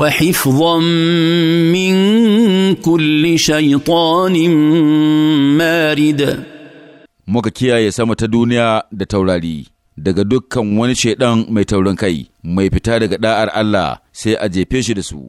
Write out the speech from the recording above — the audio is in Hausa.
وحفظا من كل شيطان مارد muka kiyaye sama ta duniya da taurari daga dukkan wani shaidan mai taurin kai mai fita daga da'ar Allah sai a jefe shi da su